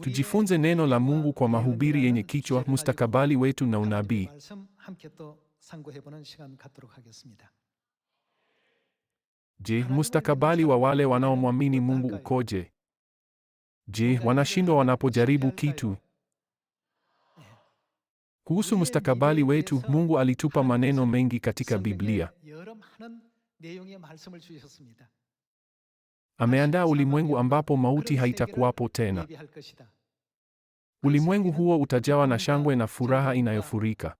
Tujifunze neno la Mungu kwa mahubiri yenye kichwa mustakabali wetu na unabii. Je, mustakabali wa wale wanaomwamini Mungu ukoje? Je, wanashindwa wanapojaribu kitu? Kuhusu mustakabali wetu, Mungu alitupa maneno mengi katika Biblia. Ameandaa ulimwengu ambapo mauti haitakuwapo tena. Ulimwengu huo utajawa na shangwe na furaha inayofurika.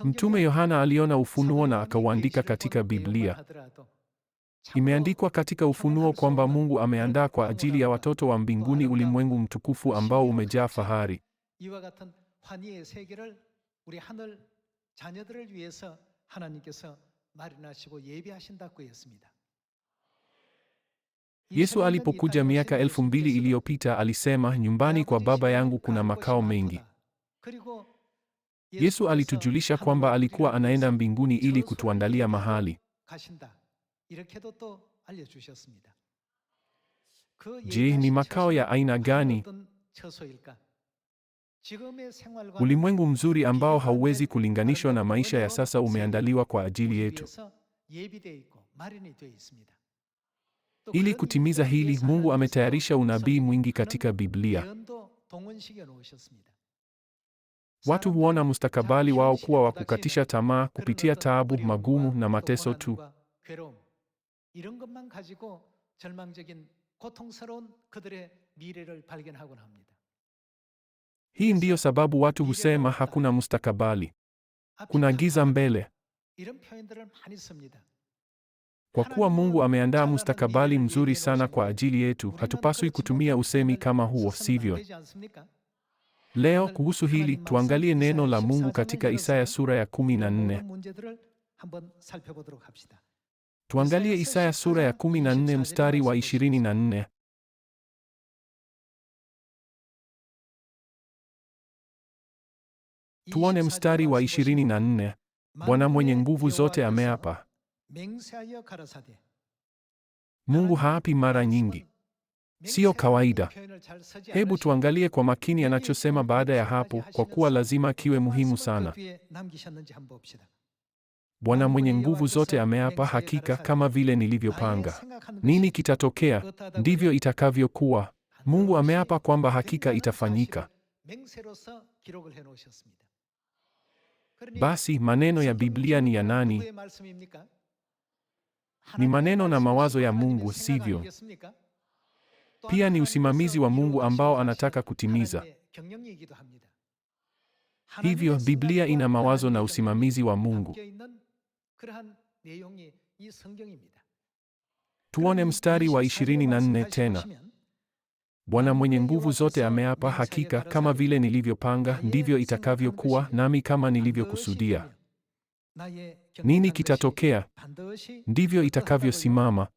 Mtume Yohana aliona ufunuo na akauandika katika Biblia. Imeandikwa katika Ufunuo kwamba Mungu ameandaa kwa ajili ya watoto wa mbinguni ulimwengu mtukufu ambao umejaa fahari. Yesu alipokuja miaka elfu mbili iliyopita alisema, nyumbani kwa Baba yangu kuna makao mengi. Yesu alitujulisha kwamba alikuwa anaenda mbinguni ili kutuandalia mahali. Je, ni makao ya aina gani? Ulimwengu mzuri ambao hauwezi kulinganishwa na maisha ya sasa umeandaliwa kwa ajili yetu. Ili kutimiza hili, Mungu ametayarisha unabii mwingi katika Biblia. Watu huona mustakabali wao kuwa wa kukatisha tamaa kupitia taabu, magumu na mateso tu. Hii ndiyo sababu watu husema hakuna mustakabali, kuna giza mbele. Kwa kuwa Mungu ameandaa mustakabali mzuri sana kwa ajili yetu, hatupaswi kutumia usemi kama huo, sivyo? Leo kuhusu hili tuangalie neno la Mungu katika Isaya sura ya 14. Tuangalie Isaya sura ya 14 mstari wa 24. Tuone mstari wa 24. Bwana mwenye nguvu zote ameapa. Mungu haapi mara nyingi. Siyo kawaida. Hebu tuangalie kwa makini anachosema baada ya hapo, kwa kuwa lazima kiwe muhimu sana. Bwana mwenye nguvu zote ameapa, hakika kama vile nilivyopanga, nini kitatokea, ndivyo itakavyokuwa. Mungu ameapa kwamba hakika itafanyika. Basi maneno ya Biblia ni ya nani? Ni maneno na mawazo ya Mungu, sivyo? Pia ni usimamizi wa Mungu ambao anataka kutimiza. Hivyo Biblia ina mawazo na usimamizi wa Mungu. Tuone mstari wa 24 tena. Bwana mwenye nguvu zote ameapa, hakika kama vile nilivyopanga ndivyo itakavyokuwa, nami kama nilivyokusudia. Nini kitatokea? Ndivyo itakavyosimama.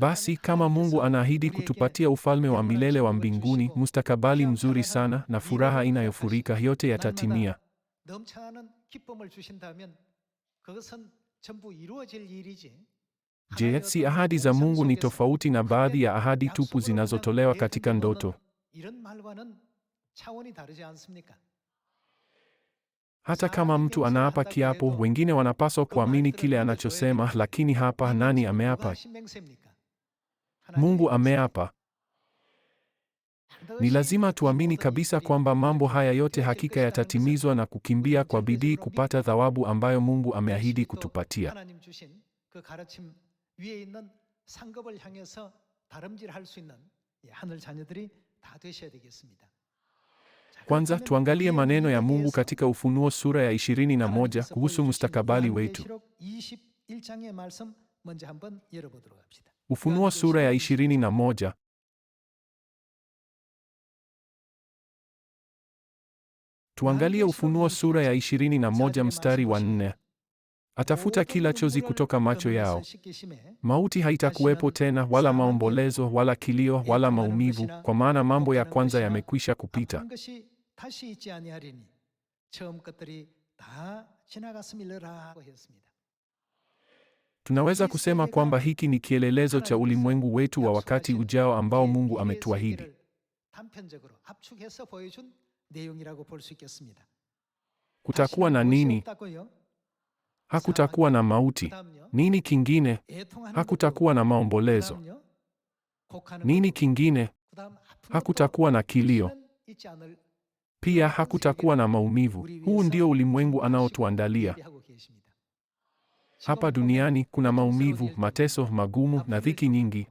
Basi kama Mungu anaahidi kutupatia ufalme wa milele wa mbinguni, mustakabali mzuri sana na furaha inayofurika, yote yatatimia. Je, si ahadi za Mungu ni tofauti na baadhi ya ahadi tupu zinazotolewa katika ndoto? Hata kama mtu anaapa kiapo, wengine wanapaswa kuamini kile anachosema, lakini hapa nani ameapa? Mungu ameapa. Ni lazima tuamini kabisa kwamba mambo haya yote hakika yatatimizwa na kukimbia kwa bidii kupata thawabu ambayo Mungu ameahidi kutupatia. Kwanza tuangalie maneno ya Mungu katika Ufunuo sura ya 21 kuhusu mustakabali wetu. Ufunuo sura ya 21. Tuangalie Ufunuo sura ya 21 mstari wa 4. Atafuta kila chozi kutoka macho yao. Mauti haitakuwepo tena, wala maombolezo, wala kilio, wala maumivu, kwa maana mambo ya kwanza yamekwisha kupita. Tunaweza kusema kwamba hiki ni kielelezo cha ulimwengu wetu wa wakati ujao ambao Mungu ametuahidi. Kutakuwa na nini? Hakutakuwa na mauti. Nini kingine? Hakutakuwa na maombolezo. Nini kingine? Hakutakuwa na kilio. Pia hakutakuwa na maumivu. Huu ndio ulimwengu anaotuandalia. Hapa duniani kuna maumivu, mateso magumu na dhiki nyingi.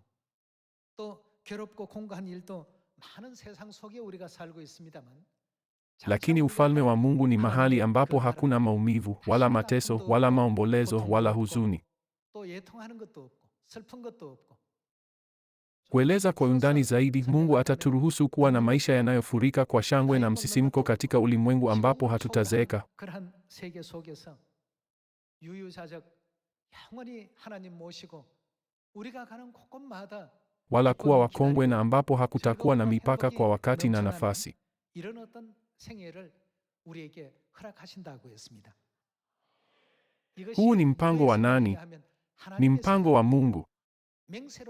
Lakini ufalme wa Mungu ni mahali ambapo hakuna maumivu, wala mateso, wala maombolezo, wala huzuni. Kueleza kwa undani zaidi, Mungu ataturuhusu kuwa na maisha yanayofurika kwa shangwe na msisimko katika ulimwengu ambapo hatutazeeka wala kuwa wakongwe na ambapo hakutakuwa na mipaka kwa wakati na nafasi. Huu ni mpango wa nani? Ni mpango wa Mungu.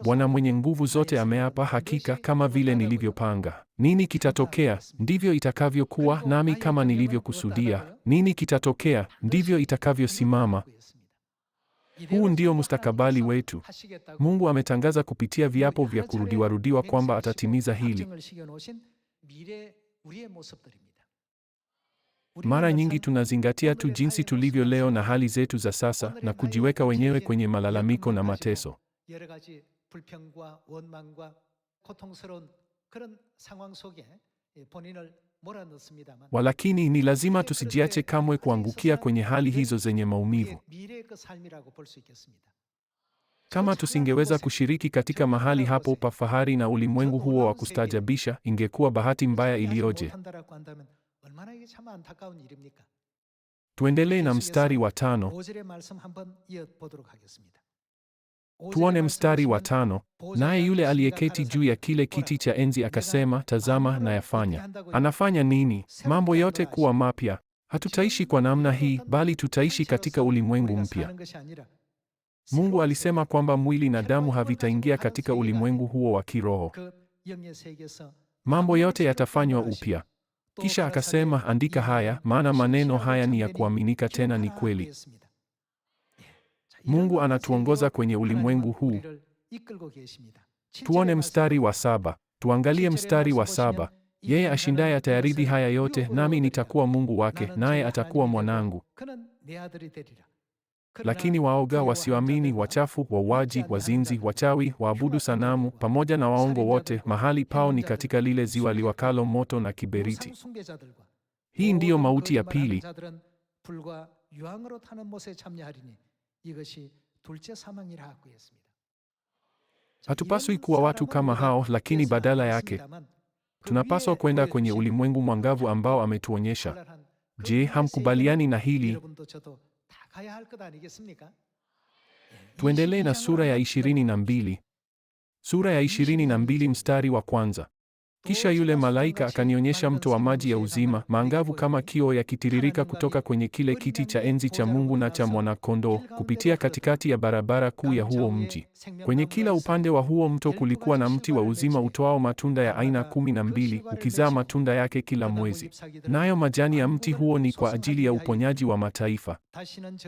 Bwana mwenye nguvu zote ameapa, hakika kama vile nilivyopanga, nini kitatokea, ndivyo itakavyokuwa; nami kama nilivyokusudia, nini kitatokea, ndivyo itakavyosimama. Huu ndio mustakabali wetu. Mungu ametangaza kupitia viapo vya kurudiwarudiwa kwamba atatimiza hili. Mara nyingi tunazingatia tu jinsi tulivyo leo na hali zetu za sasa na kujiweka wenyewe kwenye malalamiko na mateso. Walakini ni lazima tusijiache kamwe kuangukia kwenye hali hizo zenye maumivu. Kama tusingeweza kushiriki katika mahali hapo pa fahari na ulimwengu huo wa kustaajabisha, ingekuwa bahati mbaya iliyoje! Tuendelee na mstari wa tano. Tuone mstari wa tano. Naye yule aliyeketi juu ya kile kiti cha enzi akasema, tazama nayafanya. Anafanya nini? Mambo yote kuwa mapya. Hatutaishi kwa namna hii, bali tutaishi katika ulimwengu mpya. Mungu alisema kwamba mwili na damu havitaingia katika ulimwengu huo wa kiroho. Mambo yote yatafanywa upya. Kisha akasema, andika haya, maana maneno haya ni ya kuaminika tena ni kweli. Mungu anatuongoza kwenye ulimwengu huu. Tuone mstari wa saba. Tuangalie mstari wa saba. Yeye ashindaye atayaridhi haya yote, nami nitakuwa Mungu wake, naye atakuwa mwanangu. Lakini waoga, wasioamini, wachafu, wauaji, wazinzi, wachawi, waabudu sanamu, pamoja na waongo wote, mahali pao ni katika lile ziwa liwakalo moto na kiberiti. Hii ndiyo mauti ya pili. Hatupaswi kuwa watu kama hao, lakini badala yake tunapaswa kwenda kwenye ulimwengu mwangavu ambao ametuonyesha. Je, hamkubaliani na hili? Tuendelee na sura ya ishirini na mbili. Sura ya ishirini na mbili mstari wa kwanza. Kisha yule malaika akanionyesha mto wa maji ya uzima, maangavu kama kio yakitiririka kutoka kwenye kile kiti cha enzi cha Mungu na cha mwanakondoo, kupitia katikati ya barabara kuu ya huo mji. Kwenye kila upande wa huo mto kulikuwa na mti wa uzima utoao matunda ya aina kumi na mbili, ukizaa matunda yake kila mwezi. Nayo majani ya mti huo ni kwa ajili ya uponyaji wa mataifa.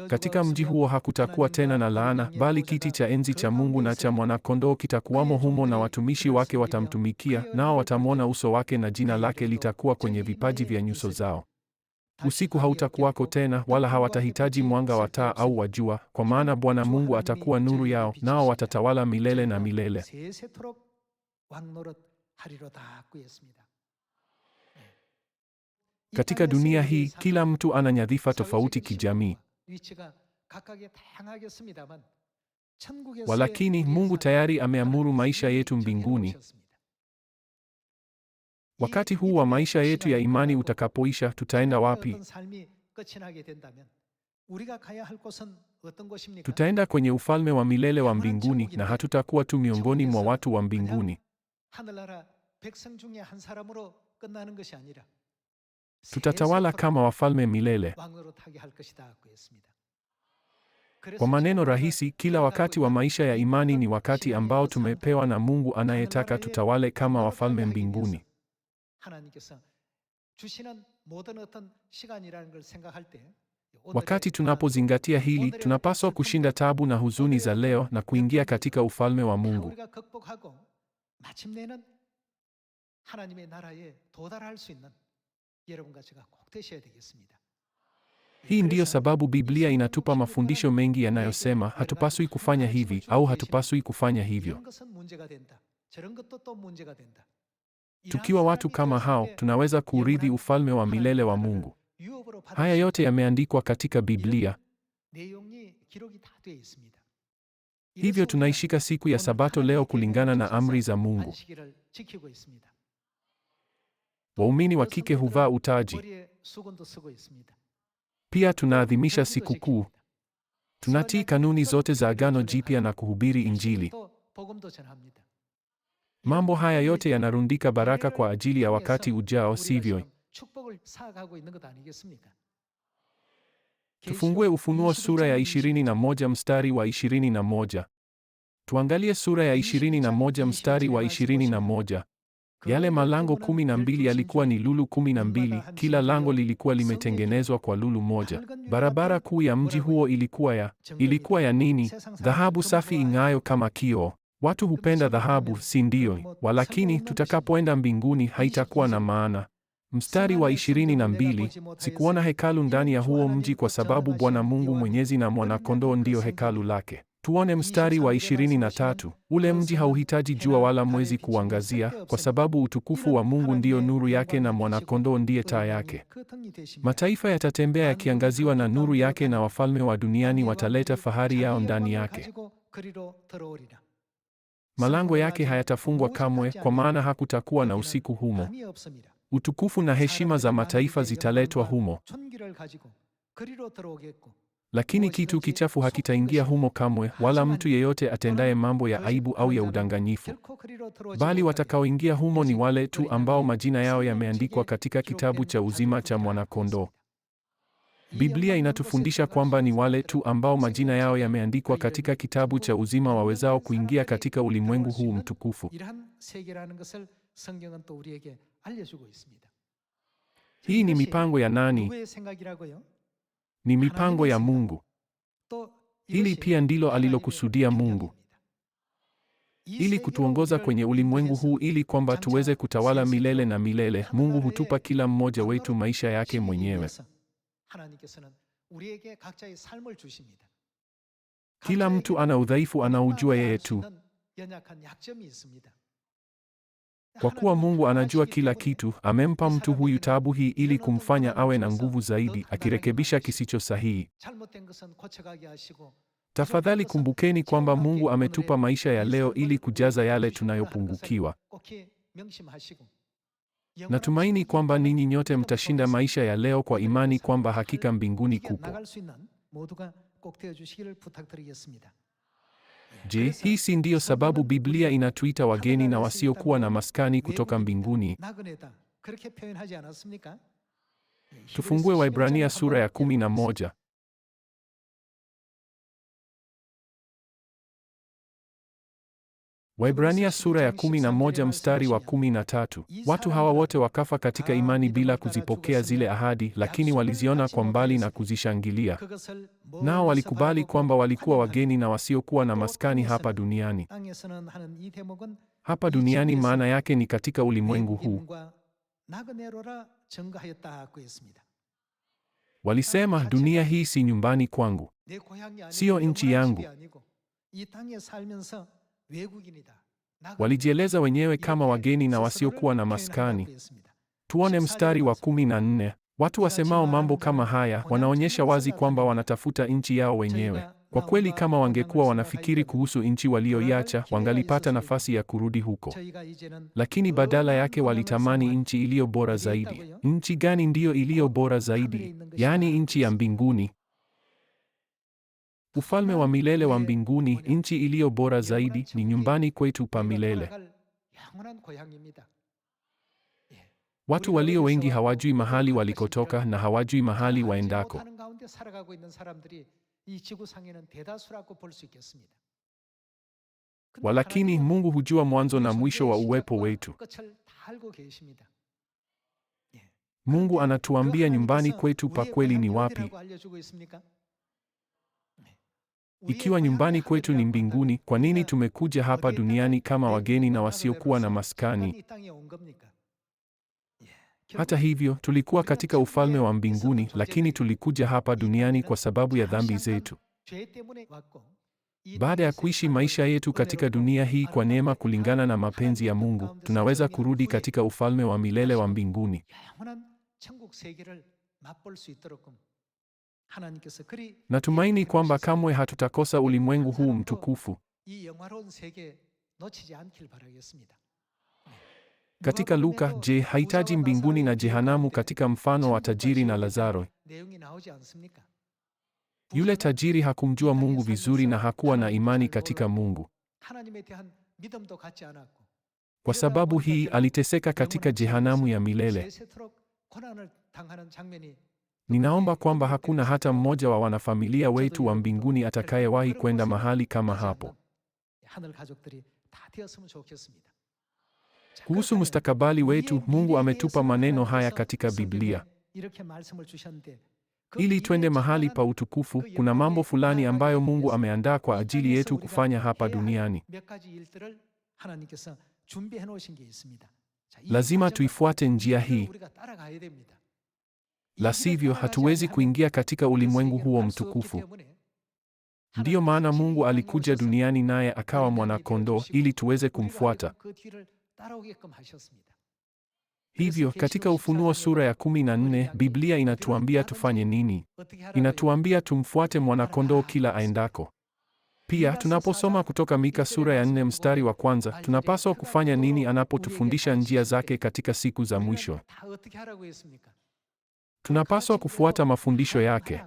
Katika mji huo hakutakuwa tena na laana, bali kiti cha enzi cha Mungu na cha mwanakondoo kitakuwamo humo, na watumishi wake watamtumikia, nao watam watamwona uso wake na jina lake litakuwa kwenye vipaji vya nyuso zao. Usiku hautakuwako tena, wala hawatahitaji mwanga wa taa au wa jua, kwa maana Bwana Mungu atakuwa nuru yao, nao watatawala milele na milele. Katika dunia hii kila mtu ana nyadhifa tofauti kijamii, walakini Mungu tayari ameamuru maisha yetu mbinguni. Wakati huu wa maisha yetu ya imani utakapoisha, tutaenda wapi? Tutaenda kwenye ufalme wa milele wa mbinguni, na hatutakuwa tu miongoni mwa watu wa mbinguni. Tutatawala kama wafalme milele. Kwa maneno rahisi, kila wakati wa maisha ya imani ni wakati ambao tumepewa na Mungu anayetaka tutawale kama wafalme mbinguni. 하나님께서 주시는 모든 어떤 시간이라는 걸 생각할 때 Wakati tunapozingatia hili, tunapaswa kushinda tabu na huzuni za leo na kuingia katika ufalme wa Mungu. Hii ndiyo sababu Biblia inatupa mafundisho mengi yanayosema hatupaswi kufanya hivi au hatupaswi kufanya hivyo. Tukiwa watu kama hao, tunaweza kuurithi ufalme wa milele wa Mungu. Haya yote yameandikwa katika Biblia. Hivyo tunaishika siku ya Sabato leo kulingana na amri za Mungu. Waumini wa kike huvaa utaji. Pia tunaadhimisha sikukuu. Tunatii kanuni zote za Agano Jipya na kuhubiri Injili. Mambo haya yote yanarundika baraka kwa ajili ya wakati ujao, sivyo? Tufungue Ufunuo sura ya 21 mstari wa 21. Tuangalie sura ya 21 mstari wa 21. Yale malango 12 yalikuwa ni lulu 12 kila lango lilikuwa limetengenezwa kwa lulu moja. Barabara kuu ya mji huo ilikuwa ya ilikuwa ya nini? Dhahabu safi ing'ayo kama kioo. Watu hupenda dhahabu, si ndio? Walakini tutakapoenda mbinguni haitakuwa na maana. Mstari wa ishirini na mbili, sikuona hekalu ndani ya huo mji kwa sababu Bwana Mungu Mwenyezi na Mwanakondoo ndiyo hekalu lake. Tuone mstari wa ishirini na tatu, ule mji hauhitaji jua wala mwezi kuangazia, kwa sababu utukufu wa Mungu ndiyo nuru yake na Mwanakondoo ndiye taa yake. Mataifa yatatembea yakiangaziwa na nuru yake, na wafalme wa duniani wataleta fahari yao ndani yake. Malango yake hayatafungwa kamwe, kwa maana hakutakuwa na usiku humo. Utukufu na heshima za mataifa zitaletwa humo, lakini kitu kichafu hakitaingia humo kamwe, wala mtu yeyote atendaye mambo ya aibu au ya udanganyifu. Bali watakaoingia humo ni wale tu ambao majina yao yameandikwa katika kitabu cha uzima cha Mwanakondoo. Biblia inatufundisha kwamba ni wale tu ambao majina yao yameandikwa katika kitabu cha uzima wawezao kuingia katika ulimwengu huu mtukufu. Hii ni mipango ya nani? Ni mipango ya Mungu. Hili pia ndilo alilokusudia Mungu, ili kutuongoza kwenye ulimwengu huu, ili kwamba tuweze kutawala milele na milele. Mungu hutupa kila mmoja wetu maisha yake mwenyewe. 하나님께서는 우리에게 각자의 삶을 주십니다. Kila mtu ana udhaifu anaujua yeye tu. Kwa kuwa Mungu anajua kila kitu, amempa mtu huyu tabu hii ili kumfanya awe na nguvu zaidi, akirekebisha kisicho sahihi. Tafadhali kumbukeni kwamba Mungu ametupa maisha ya leo ili kujaza yale tunayopungukiwa. Natumaini kwamba ninyi nyote mtashinda maisha ya leo kwa imani kwamba hakika mbinguni kupo. Je, hii si ndiyo sababu Biblia inatuita wageni na wasiokuwa na maskani kutoka mbinguni? Tufungue Waibrania sura ya kumi na moja. Waibrania sura ya 11 mstari wa tatu. Watu hawa wote wakafa katika imani bila kuzipokea zile ahadi, lakini waliziona kwa mbali na kuzishangilia. Nao walikubali kwamba walikuwa wageni na wasiokuwa na maskani hapa duniani. Hapa duniani maana yake ni katika ulimwengu huu. Walisema, dunia hii si nyumbani kwangu, siyo nchi yangu. Walijieleza wenyewe kama wageni na wasiokuwa na maskani. Tuone mstari wa kumi na nne. Watu wasemao mambo kama haya wanaonyesha wazi kwamba wanatafuta nchi yao wenyewe. Kwa kweli, kama wangekuwa wanafikiri kuhusu nchi waliyoiacha wangalipata nafasi ya kurudi huko, lakini badala yake walitamani nchi iliyo bora zaidi. Nchi gani ndiyo iliyo bora zaidi? Yaani nchi ya mbinguni. Ufalme wa milele wa mbinguni, nchi iliyo bora zaidi, ni nyumbani kwetu pa milele. Watu walio wengi hawajui mahali walikotoka na hawajui mahali waendako. Walakini Mungu hujua mwanzo na mwisho wa uwepo wetu. Mungu anatuambia nyumbani kwetu pa kweli ni wapi. Ikiwa nyumbani kwetu ni mbinguni, kwa nini tumekuja hapa duniani kama wageni na wasiokuwa na maskani? Hata hivyo, tulikuwa katika ufalme wa mbinguni, lakini tulikuja hapa duniani kwa sababu ya dhambi zetu. Baada ya kuishi maisha yetu katika dunia hii kwa neema kulingana na mapenzi ya Mungu, tunaweza kurudi katika ufalme wa milele wa mbinguni. Natumaini kwamba kamwe hatutakosa ulimwengu huu mtukufu. Katika Luka, je, hahitaji mbinguni na jehanamu katika mfano wa tajiri na Lazaro? Yule tajiri hakumjua Mungu vizuri na hakuwa na imani katika Mungu. Kwa sababu hii aliteseka katika jehanamu ya milele. Ninaomba kwamba hakuna hata mmoja wa wanafamilia wetu wa mbinguni atakayewahi kwenda mahali kama hapo. Kuhusu mustakabali wetu, Mungu ametupa maneno haya katika Biblia ili twende mahali pa utukufu. Kuna mambo fulani ambayo Mungu ameandaa kwa ajili yetu kufanya hapa duniani. Lazima tuifuate njia hii la sivyo hatuwezi kuingia katika ulimwengu huo mtukufu. Ndiyo maana Mungu alikuja duniani naye akawa mwanakondoo ili tuweze kumfuata. Hivyo katika Ufunuo sura ya 14 Biblia inatuambia tufanye nini? Inatuambia tumfuate mwanakondoo kila aendako. Pia tunaposoma kutoka Mika sura ya 4 mstari wa kwanza, tunapaswa kufanya nini anapotufundisha njia zake katika siku za mwisho? Tunapaswa kufuata mafundisho yake.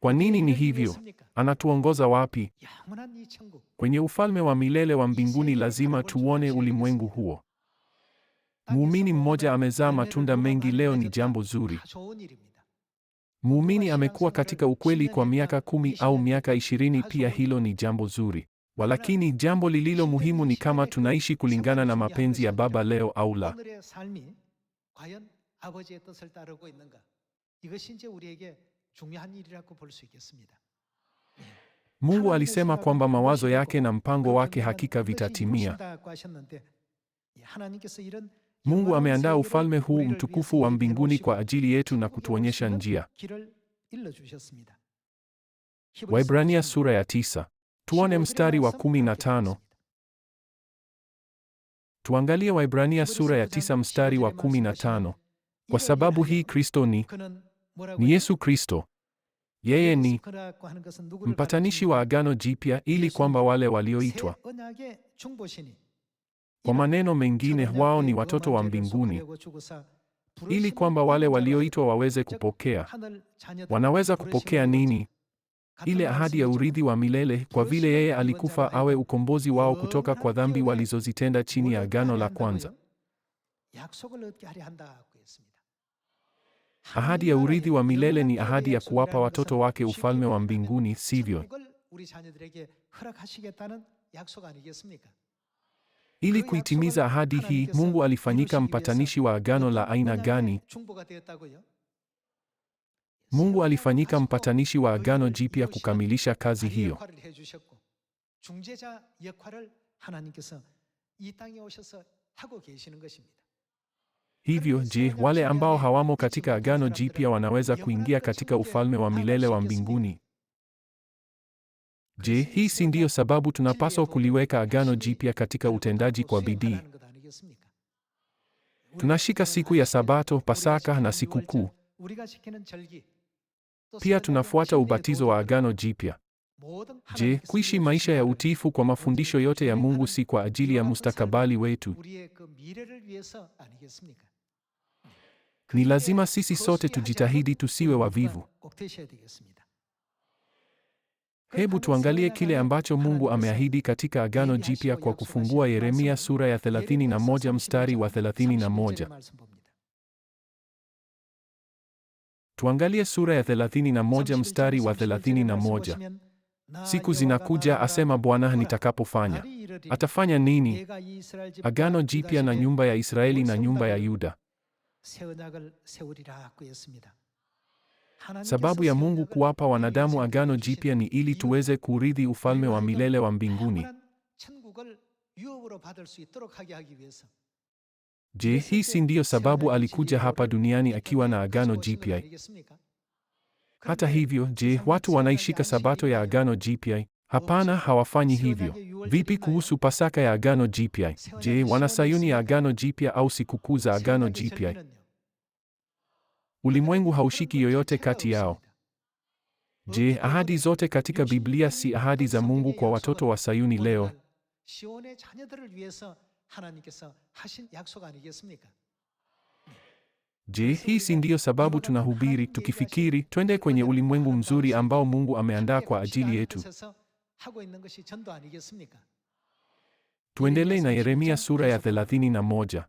Kwa nini ni hivyo? Anatuongoza wapi? Kwenye ufalme wa milele wa mbinguni lazima tuone ulimwengu huo. Muumini mmoja amezaa matunda mengi leo ni jambo zuri. Muumini amekuwa katika ukweli kwa miaka kumi au miaka ishirini pia hilo ni jambo zuri. Walakini jambo lililo muhimu ni kama tunaishi kulingana na mapenzi ya Baba leo au la. 아버지의 뜻을 따르고 있는가? 이것이 이제 우리에게 중요한 일이라고 볼수 있겠습니다. Mungu alisema kwamba mawazo yake na mpango wake hakika vitatimia. Mungu ameandaa ufalme huu mtukufu wa mbinguni kwa ajili yetu na kutuonyesha njia. Waibrania sura ya tisa. Tuone mstari wa kumi na tano. Tuangalie Waibrania sura ya tisa mstari wa kumi na tano. Kwa sababu hii Kristo ni ni Yesu Kristo. Yeye ni mpatanishi wa agano jipya, ili kwamba wale walioitwa kwa maneno mengine, wao ni watoto wa mbinguni, ili kwamba wale walioitwa waweze kupokea. Wanaweza kupokea nini? Ile ahadi ya urithi wa milele, kwa vile yeye alikufa awe ukombozi wao kutoka kwa dhambi walizozitenda chini ya agano la kwanza. Ahadi ya urithi wa milele ni ahadi ya kuwapa watoto wake ufalme wa mbinguni, sivyo? Ili kuitimiza ahadi hii, Mungu alifanyika mpatanishi wa agano la aina gani? Mungu alifanyika mpatanishi wa agano jipya kukamilisha kazi hiyo. Hivyo je, wale ambao hawamo katika agano jipya wanaweza kuingia katika ufalme wa milele wa mbinguni? Je, hii si ndiyo sababu tunapaswa kuliweka agano jipya katika utendaji kwa bidii? Tunashika siku ya Sabato, Pasaka na sikukuu. Pia tunafuata ubatizo wa agano jipya. Je, kuishi maisha ya utiifu kwa mafundisho yote ya Mungu si kwa ajili ya mustakabali wetu? Ni lazima sisi sote tujitahidi tusiwe wavivu. Hebu tuangalie kile ambacho Mungu ameahidi katika Agano Jipya kwa kufungua Yeremia sura ya 31 mstari wa 31. Tuangalie sura ya 31 mstari wa 31. Siku zinakuja, asema Bwana, nitakapofanya. Atafanya nini? Agano Jipya na nyumba ya Israeli na nyumba ya Yuda. Sababu ya Mungu kuwapa wanadamu agano jipya ni ili tuweze kurithi ufalme wa milele wa mbinguni. Je, hii si ndiyo sababu alikuja hapa duniani akiwa na agano jipya? Hata hivyo, je, watu wanaishika sabato ya agano jipya? Hapana, hawafanyi hivyo. Vipi kuhusu Pasaka ya Agano Jipya? Je, wana Sayuni ya Agano Jipya au sikukuu za Agano Jipya? Ulimwengu haushiki yoyote kati yao. Je, ahadi zote katika Biblia si ahadi za Mungu kwa watoto wa Sayuni leo? Je, hii si ndiyo sababu tunahubiri tukifikiri twende kwenye ulimwengu mzuri ambao Mungu ameandaa kwa ajili yetu? Tuendele na Yeremia sura ya 31.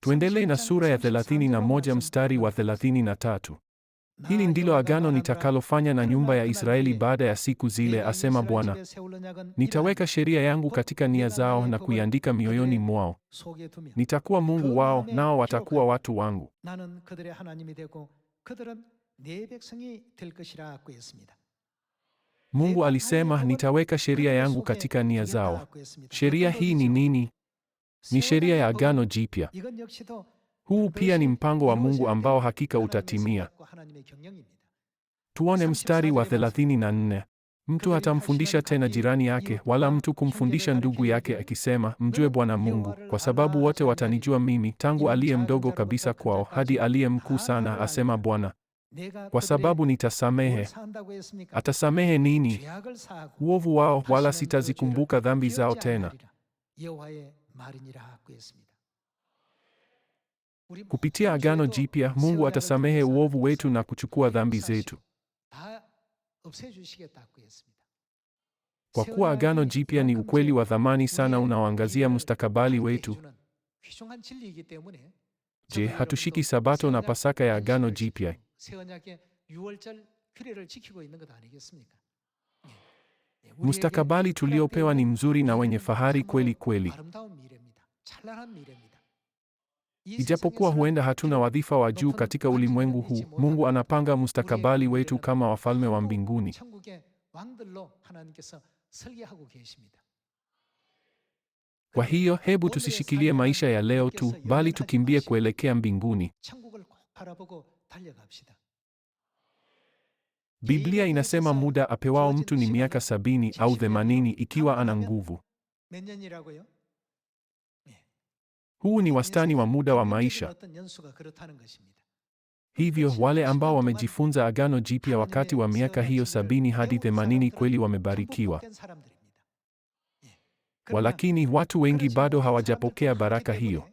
Tuendele na sura ya 31 mstari wa 33. Hili ndilo agano nitakalofanya na nyumba ya Israeli baada ya siku zile, asema Bwana. Nitaweka sheria yangu katika nia zao na kuiandika mioyoni mwao. Nitakuwa Mungu wao, nao watakuwa watu wangu. Mungu alisema, nitaweka sheria yangu katika nia zao. Sheria hii ni nini? Ni sheria ya Agano Jipya. Huu pia ni mpango wa Mungu ambao hakika utatimia. Tuone mstari wa 34. Mtu atamfundisha tena jirani yake, wala mtu kumfundisha ndugu yake, akisema, mjue Bwana Mungu, kwa sababu wote watanijua mimi, tangu aliye mdogo kabisa kwao hadi aliye mkuu sana, asema Bwana kwa sababu nitasamehe. Atasamehe nini? Uovu wao, wala sitazikumbuka dhambi zao tena. Kupitia agano jipya, Mungu atasamehe uovu wetu na kuchukua dhambi zetu. Kwa kuwa agano jipya ni ukweli wa thamani sana unaoangazia mustakabali wetu. Je, hatushiki Sabato na Pasaka ya agano jipya? 새 언약의 규례를 지키고 있는 것 아니겠습니까? tuliopewa ni mzuri na wenye fahari kweli kweli. Ijapokuwa huenda hatuna wadhifa wa juu katika ulimwengu huu, Mungu anapanga mustakabali wetu kama wafalme wa mbinguni. Kwa hiyo hebu tusishikilie maisha ya leo tu, bali tukimbie kuelekea mbinguni. Biblia inasema muda apewao mtu ni miaka sabini au themanini ikiwa ana nguvu. Huu ni wastani wa muda wa maisha. Hivyo wale ambao wamejifunza Agano Jipya wakati wa miaka hiyo sabini hadi themanini kweli wamebarikiwa. Walakini watu wengi bado hawajapokea baraka hiyo.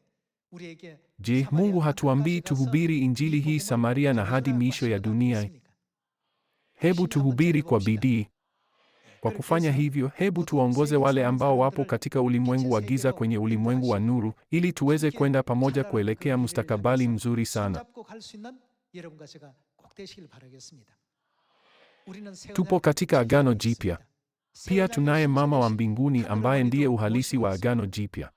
Je, Mungu hatuambii tuhubiri injili hii Samaria na hadi miisho ya dunia? Hebu tuhubiri kwa bidii. Kwa kufanya hivyo, hebu tuwaongoze wale ambao wapo katika ulimwengu wa giza kwenye ulimwengu wa nuru, ili tuweze kwenda pamoja kuelekea mustakabali mzuri sana. Tupo katika Agano Jipya. Pia tunaye Mama wa Mbinguni ambaye ndiye uhalisi wa Agano Jipya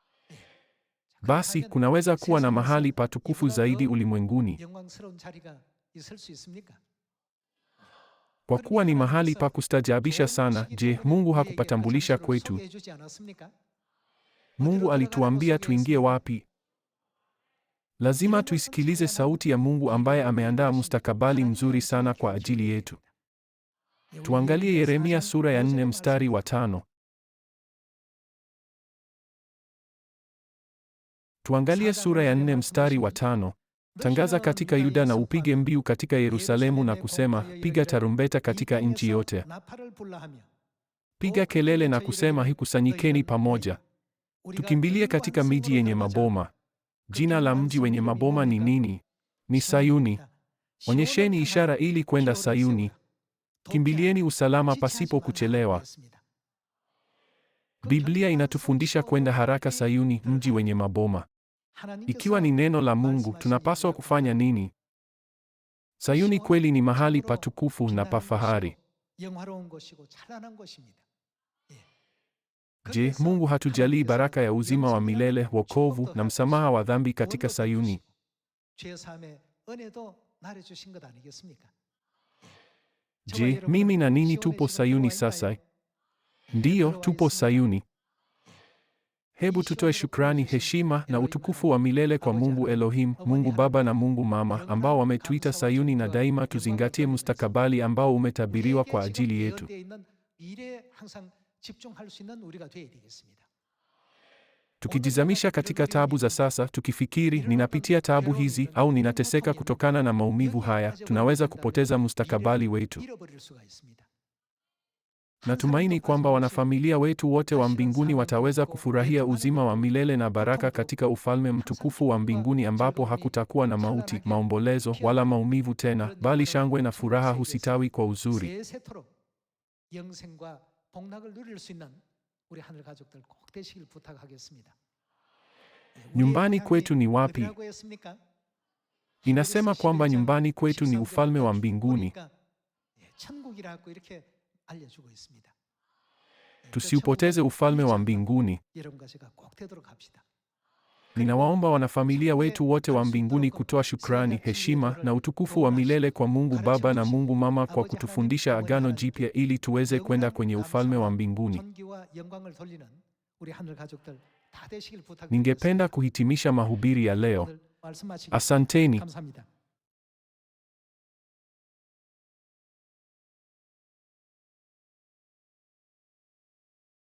basi kunaweza kuwa na mahali patukufu zaidi ulimwenguni, kwa kuwa ni mahali pa kustajabisha sana. Je, Mungu hakupatambulisha kwetu? Mungu alituambia tuingie wapi? Lazima tuisikilize sauti ya Mungu ambaye ameandaa mustakabali mzuri sana kwa ajili yetu. Tuangalie Yeremia sura ya 4 mstari wa tano. Tuangalie sura ya nne mstari wa tano. Tangaza katika Yuda na upige mbiu katika Yerusalemu na kusema, piga tarumbeta katika nchi yote. Piga kelele na kusema, hikusanyikeni pamoja. Tukimbilie katika miji yenye maboma. Jina la mji wenye maboma ni nini? Ni Sayuni. Onyesheni ishara ili kwenda Sayuni. Kimbilieni usalama pasipo kuchelewa. Biblia inatufundisha kwenda haraka Sayuni, mji wenye maboma. Ikiwa ni neno la Mungu, tunapaswa kufanya nini? Sayuni kweli ni mahali patukufu na pa fahari. Je, Mungu hatujalii baraka ya uzima wa milele, wokovu na msamaha wa dhambi katika Sayuni? Je, mimi na nini tupo Sayuni sasa? Ndiyo, tupo Sayuni. Hebu tutoe shukrani, heshima na utukufu wa milele kwa Mungu Elohim, Mungu Baba na Mungu Mama, ambao wametuita Sayuni, na daima tuzingatie mustakabali ambao umetabiriwa kwa ajili yetu. Tukijizamisha katika taabu za sasa, tukifikiri ninapitia taabu hizi au ninateseka kutokana na maumivu haya, tunaweza kupoteza mustakabali wetu. Natumaini kwamba wanafamilia wetu wote wa mbinguni wataweza kufurahia uzima wa milele na baraka katika ufalme mtukufu wa mbinguni ambapo hakutakuwa na mauti, maombolezo wala maumivu tena, bali shangwe na furaha husitawi kwa uzuri. Nyumbani kwetu ni wapi? Inasema kwamba nyumbani kwetu ni ufalme wa mbinguni. Tusiupoteze ufalme wa mbinguni. Ninawaomba wanafamilia wetu wote wa mbinguni kutoa shukrani, heshima na utukufu wa milele kwa Mungu Baba na Mungu Mama kwa kutufundisha Agano Jipya ili tuweze kwenda kwenye ufalme wa mbinguni. Ningependa kuhitimisha mahubiri ya leo. Asanteni.